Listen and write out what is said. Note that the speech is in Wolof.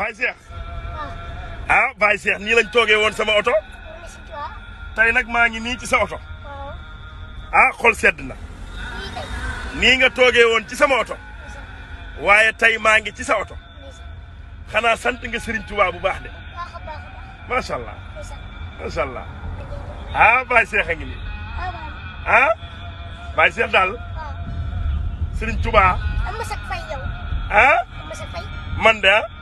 Baye ah, ah Baye Cheikh nii lañ toogee woon sama oto tey nag maa ngi nii ci sa oto ah xol sedd na nii nga toogee woon ci sama oto waaye tey maa ngi ci sa oto xanaa sant nga Serigne Touba bu baax de macha allah macha allah ah Baye Cheikh a ngi nii ah Baye Cheikh daal Serigne Touba ah man de ah.